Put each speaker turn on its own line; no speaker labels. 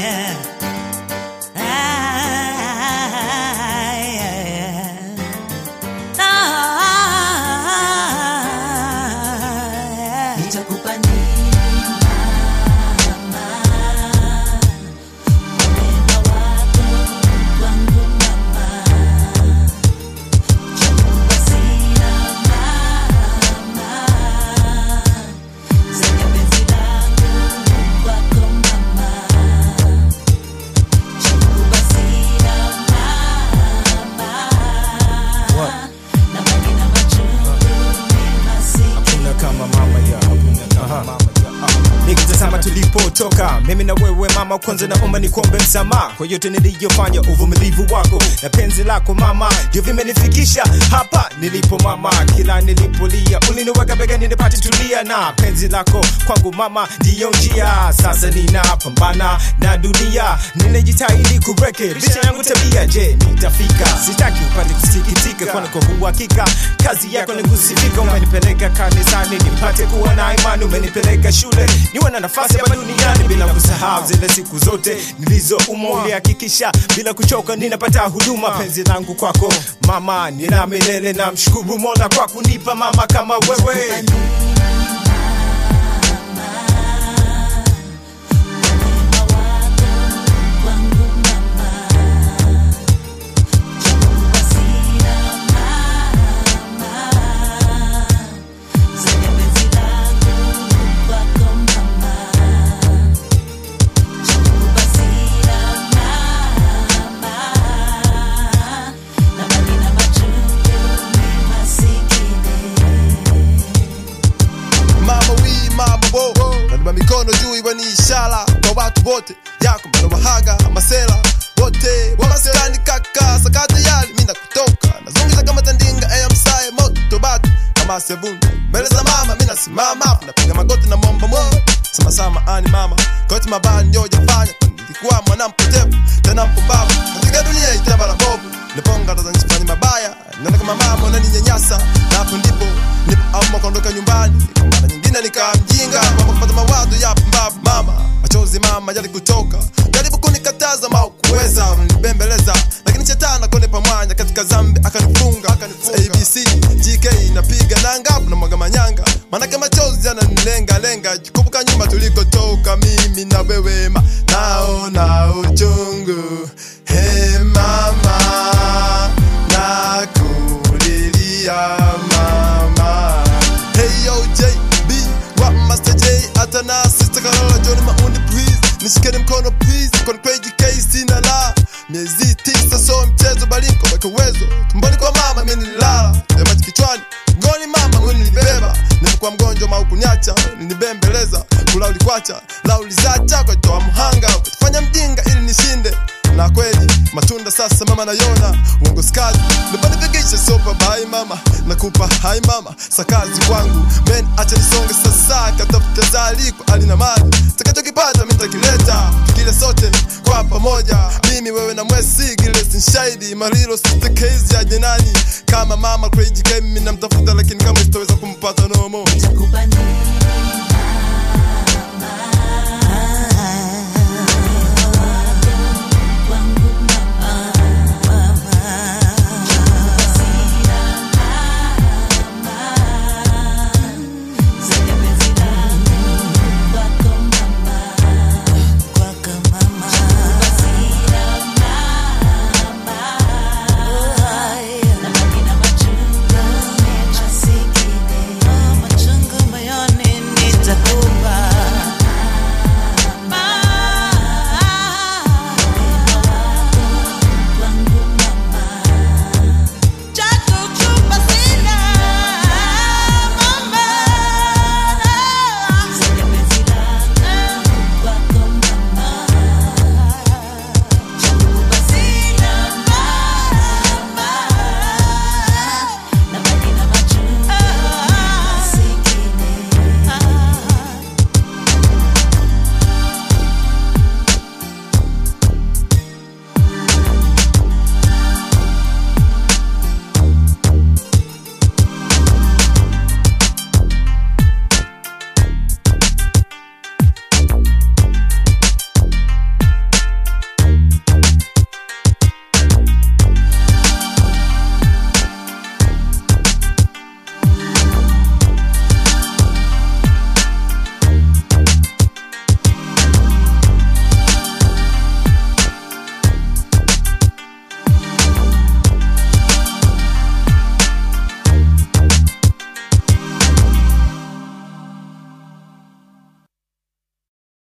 yeah. Ah, ah, tulipotoka mimi na wewe mama, kwanza naomba nikuombe msamaha kwa yote niliyofanya, uvumilivu wako na penzi lako mama, ndio vimenifikisha hapa nilipo mama. Kila nilipolia uliniweka begani nipate tulia, na penzi lako kwangu mama ndiyo njia. Sasa ninapambana na dunia, ninajitahidi kurekebisha yangu tabia. Je, nitafika? Sitaki upate kusikitika, kwani kwa uhakika kazi yako ni kusifika. Umenipeleka kanisani nipate kuwa na imani, umenipeleka shule niwe na nafasi hapa duniani bila kusahau zile siku zote nilizoumwa, ulihakikisha bila kuchoka ninapata huduma. Penzi langu kwako mama, nina milele na mshukuru Mola kwa kunipa mama kama wewe.
hawii mambo nadima mikono juu iwe ni ishara kwa watu wote yako manawahaga masela wote wamaskani kaka sakata yali mina kutoka nazungusha kama tandinga eyamsaye eh, moto batu kama sevuna mbele za mama minasimama afu napiga magoti na momba mo samasama ani mama koti mabani yojafanya nilikuwa mwanampotevu tena mpo majali kutoka, jaribu kunikataza mau kuweza nibembeleza, lakini chetana kone mwanya katika zambi akanifunga, ABC GK napiga nanga na mwaga manyanga, manake machozi yananilenga lenga, jikumbuka nyuma tulikotoka mimi na wewe ma nao na uchungu hey mama mkono please, page case na la miezi tisa, so mchezo baliko kwa uwezo tumboni kwa mama mimi nilala na maji kichwani ngoni mama wewe wenilibeba nilikuwa mgonjwa maukuniacha nibembeleza kula ulikwacha la ulizacha toa mhanga kufanya mjinga ili nishinde na kweli matunda sasa mama nayona uongo skazi skali ndopanifikishe sopa hai mama, nakupa hai mama, sakazi kwangu men, acha nisonge sasa, katafute zaliko alina mali, takachokipata mimi kile sote kwa pamoja, mimi wewe na mwesi Gilles Nshahidi Marilo, sister ya jenani, kama mama crazy game, mimi namtafuta lakini kama sitaweza kumpata